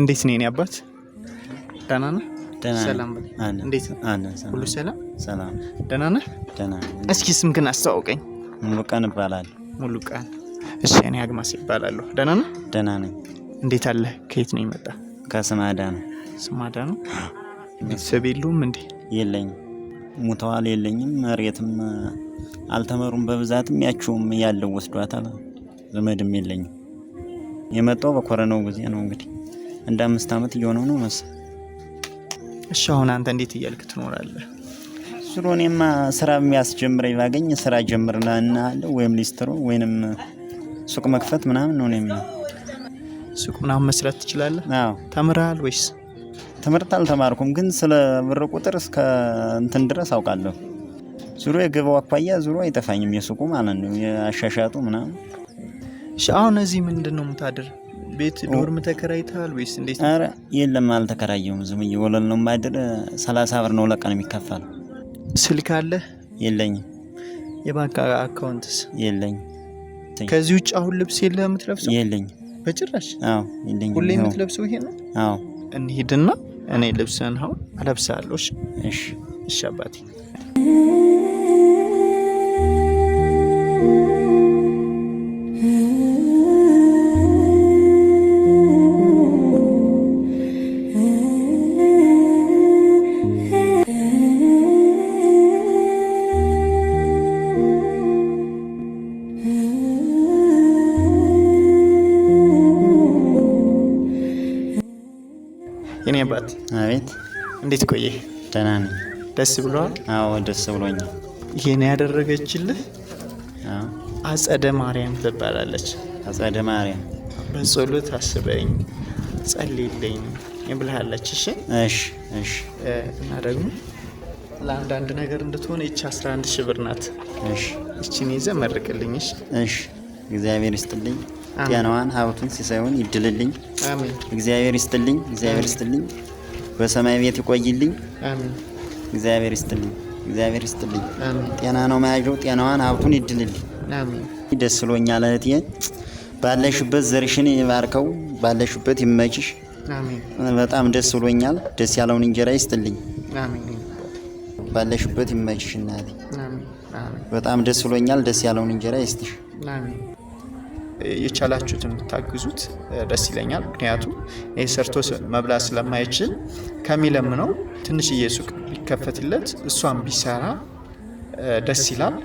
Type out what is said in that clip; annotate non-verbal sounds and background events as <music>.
እንዴት ነው የኔ አባት? ደህና ነህ? ሰላም በል። እንዴት ነው ሁሉ ሰላም? ሰላም። ደህና ነህ? ደህና አስተዋውቀኝ። ሙሉቀን እባላለሁ። ሙሉቀን። እሺ። እኔ አግማስ እባላለሁ። ደህና ነህ? ደህና ነኝ። እንዴት አለህ? ከየት ነው የመጣ? ከስማዳ ነው። ስማዳ ነው። <gasps> ቤተሰብ እንዴ? የለኝም። ሙተዋል። የለኝም። መሬትም አልተመሩም። በብዛትም ያችውም ያለው ወስዷታል። ዘመድም የለኝም። የመጣው በኮረናው ጊዜ ነው እንግዲህ እንደ አምስት ዓመት እየሆነው ነው መስ እሺ አሁን አንተ እንዴት እያልክ ትኖራለህ? ስሮ እኔማ ስራ የሚያስጀምረኝ ባገኝ ስራ ጀምር እናለሁ፣ ወይም ሊስትሮ ወይንም ሱቅ መክፈት ምናምን ነው ነው ሱቅ ምናምን መስራት ትችላለህ? አዎ። ተምረሃል ወይስ? ትምህርት አልተማርኩም፣ ግን ስለ ብር ቁጥር እስከ እንትን ድረስ አውቃለሁ። ዙሮ የገበው አኳያ ዙሮ አይጠፋኝም፣ የሱቁ ማለት ነው፣ የአሻሻጡ ምናምን። አሁን እዚህ ምንድን ነው የምታድር? ቤት ዶርም ተከራይተሃል ወይስ እንዴት? ኧረ የለም አልተከራየሁም። ዝም ብዬ ወለል ነው የማድር። ሰላሳ ብር ነው ለቀን የሚከፈል። ስልክ አለ? የለኝም። የባንክ አካውንትስ? የለኝም። ከዚህ ውጭ አሁን ልብስ የለህ የምትለብሰው? የለኝም በጭራሽ። አዎ የለኝም። ሁሌ የምትለብሰው ይሄ ነው? አዎ። እንሂድና እኔ ልብስህን አሁን አለብስሃለሁ። እሺ፣ እሺ አባቴ የኔ አባት። አቤት። እንዴት ቆየ? ደህና ነኝ። ደስ ብሏል አዎ ደስ ብሎኛል። ይሄን ያደረገችልህ አጸደ ማርያም ትባላለች። አጸደ ማርያም በጸሎት አስበኝ ጸልይልኝ ብልሃለች። እሺ እሺ እሺ። እና ደግሞ ለአንዳንድ ነገር እንድትሆን ይቺ 11 ሺህ ብር ናት። እሺ፣ እቺን ይዘህ መርቅልኝ። እሺ እሺ። እግዚአብሔር ይስጥልኝ። ጤናዋን ሀብቱን ሲሳዩን ይድልልኝ። እግዚአብሔር ይስጥልኝ። እግዚአብሔር ይስጥልኝ። በሰማይ ቤት ይቆይልኝ። እግዚአብሔር ይስጥልኝ። እግዚአብሔር ይስጥልኝ። ጤና ነው መያዣው። ጤናዋን ሀብቱን ይድልልኝ። ደስ ብሎኛል እህቴ። ባለሽበት ዘርሽን ይባርከው። ባለሽበት ይመችሽ። በጣም ደስ ብሎኛል። ደስ ያለውን እንጀራ ይስጥልኝ። ባለሽበት ይመችሽ እናቴ። በጣም ደስ ብሎኛል። ደስ ያለውን እንጀራ ይስጥሽ። የቻላችሁት የምታግዙት ደስ ይለኛል። ምክንያቱም ይህ ሰርቶ መብላት ስለማይችል ከሚለምነው ትንሽዬ ሱቅ ቢከፈትለት እሷን ቢሰራ ደስ ይላል።